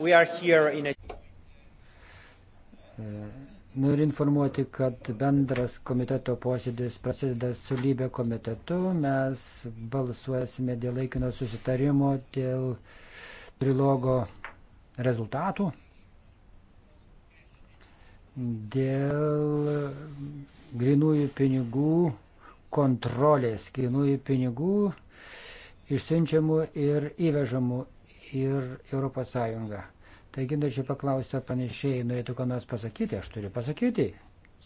Noriu nu informuoti, kad bendras komiteto posėdis prasideda su lybė komitetu. Mes balsuosime dėl laikino susitarimo, dėl trilogo rezultatų, dėl grinųjų pinigų kontrolės, grinųjų pinigų išsiunčiamų ir įvežamų ir ES. Taigi, norėčiau paklausti, panašiai norėtų ką nors pasakyti, aš turiu pasakyti,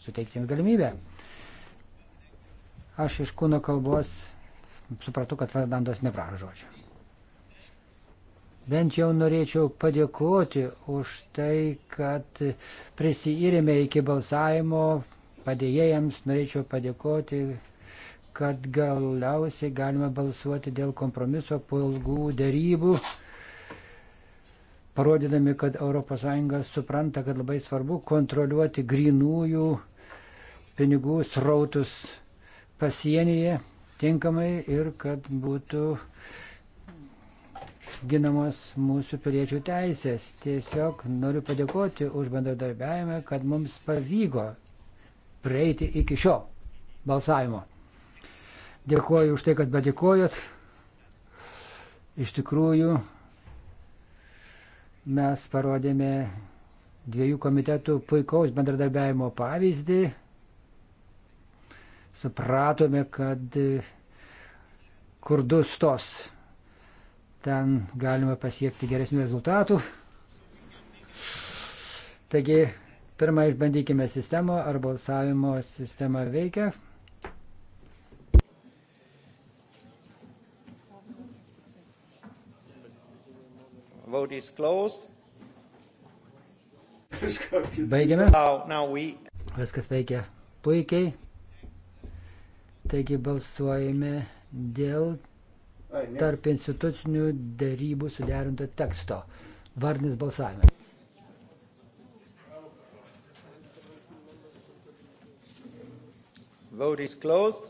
suteikti jums galimybę. Aš iš kūno kalbos supratau, kad Fernandas neprašo žodžio. Bent jau norėčiau padėkoti už tai, kad prisijyrėme iki balsavimo, padėjėjams norėčiau padėkoti, kad galiausiai galime balsuoti dėl kompromiso po ilgų dėrybų parodydami, kad ES supranta, kad labai svarbu kontroliuoti grinųjų pinigų srautus pasienyje tinkamai ir kad būtų ginamos mūsų piliečių teisės. Tiesiog noriu padėkoti už bendradarbiavimą, kad mums pavyko prieiti iki šio balsavimo. Dėkuoju už tai, kad padėkojot. Iš tikrųjų, Mes parodėme dviejų komitetų puikaus bendradarbiavimo pavyzdį. Supratome, kad kur du stos, ten galima pasiekti geresnių rezultatų. Taigi, pirmą išbandykime sistemą, ar balsavimo sistema veikia. Vote is closed. Baigiame. Viskas veikia puikiai. Taigi balsuojame dėl tarp institucinių dėrybų suderinto teksto. Varnis balsavimas. Vote is closed.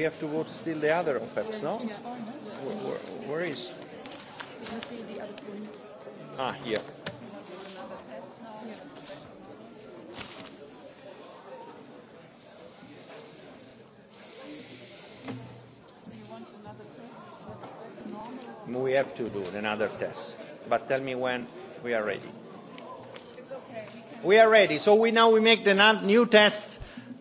we have to vote still the other OPEPs, no? Where, where is? Ah, here. We have to do another test, but tell me when we are ready. It's okay, we, can... we are ready. So we now we make the new test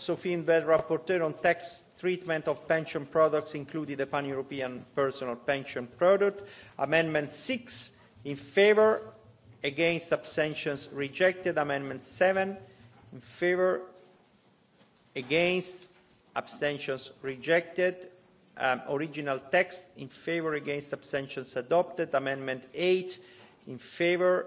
Sophie Inbel, rapporteur on tax treatment of pension products, including the pan-European personal pension product. Amendment 6, in favour, against abstentions rejected. Amendment 7, in favour, against abstentions rejected. Um, original text, in favour, against abstentions adopted. Amendment 8, in favour,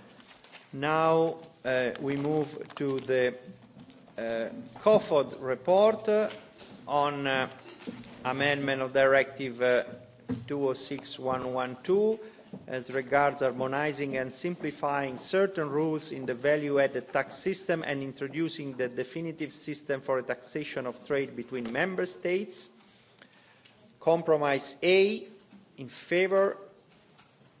Now uh, we move to the uh, COFOD report uh, on uh, amendment of Directive uh, 206112 as regards harmonizing and simplifying certain rules in the value-added tax system and introducing the definitive system for taxation of trade between member states. Compromise A in favor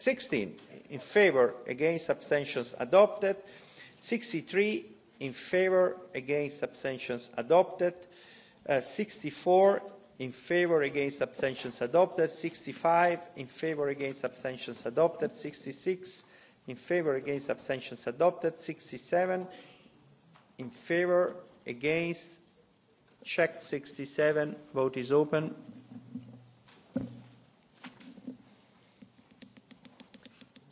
sixteen in favour against abstentions adopted sixty three in favour against abstentions adopted uh, sixty four in favour against abstentions adopted sixty five in favour against abstentions adopted sixty six in favour against abstentions adopted sixty seven in favour against check sixty seven vote is open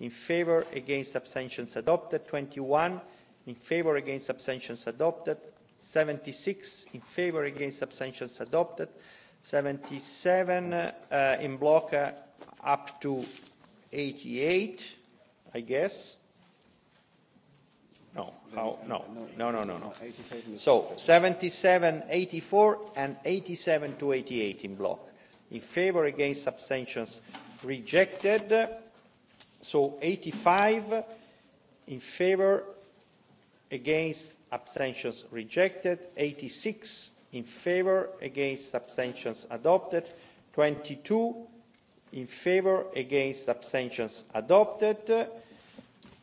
in favour against abstentions adopted twenty one in favour against abstentions adopted seventy six in favour against abstentions adopted seventy seven uh, in block uh, up to eighty eight i guess no how no no no no no so seventy seven eighty four and eighty seven to eighty eight in block in favour against abstentions rejected So 85 in favour, against abstentions rejected, 86 in favour, against abstentions adopted, 22 in favour, against abstentions adopted,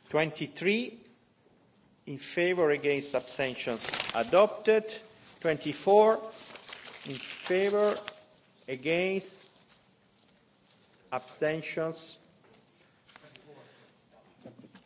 23 in favour, against abstentions adopted, 24 in favour, against abstentions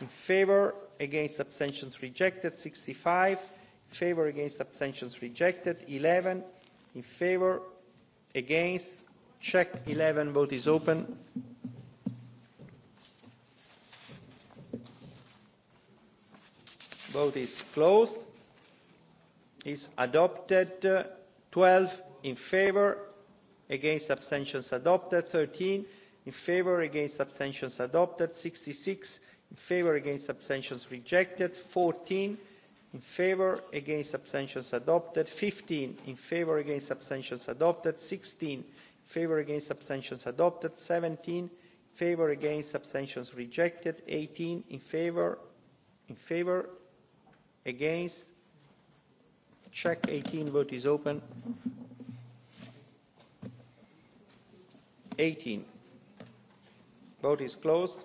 in favour against abstentions rejected sixty five in favour against abstentions rejected eleven in favour against check eleven vote is open vote is closed is adopted uh, 12 in favour against abstentions adopted 13 in favour against abstentions adopted 66 in favour against abstentions rejected fourteen in favour against abstentions adopted fifteen in favour against abstentions adopted sixteen in favour against abstentions adopted seventeen in favour against abstentions rejected eighteen in favour in favour against check eighteen vote is open eighteen vote is closed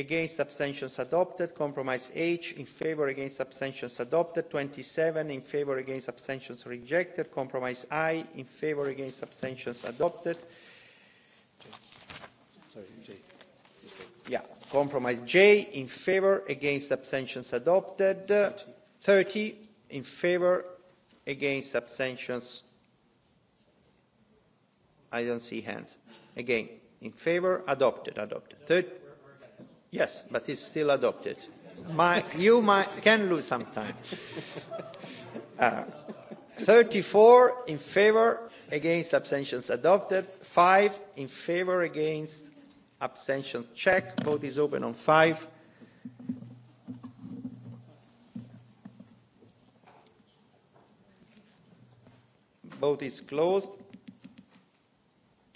against abstentions adopted compromise h in favour against abstentions adopted twenty seven in favour against abstentions rejected compromise i in favour against abstentions adopted Sorry, J. Yeah, compromise j in favour against abstentions adopted uh, 30 in favour against abstentions i don't see hands again in favour adopted adopted 30, Yes, but it's still adopted. My, you might, can lose some time. Uh, 34 in favor, against abstentions adopted. 5 in favor, against abstentions check. Vote is open on 5. Vote is closed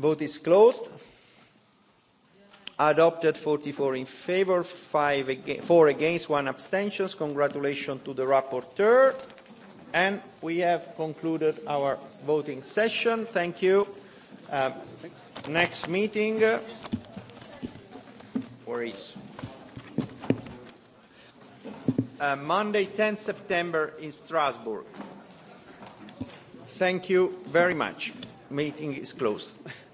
Vote is closed. Adopted 44 in favour, ag 4 against, 1 abstention. Congratulations to the rapporteur. And we have concluded our voting session. Thank you. Uh, next meeting. Uh, where is? Uh, Monday, 10 September in Strasbourg. Thank you very much. Meeting is closed.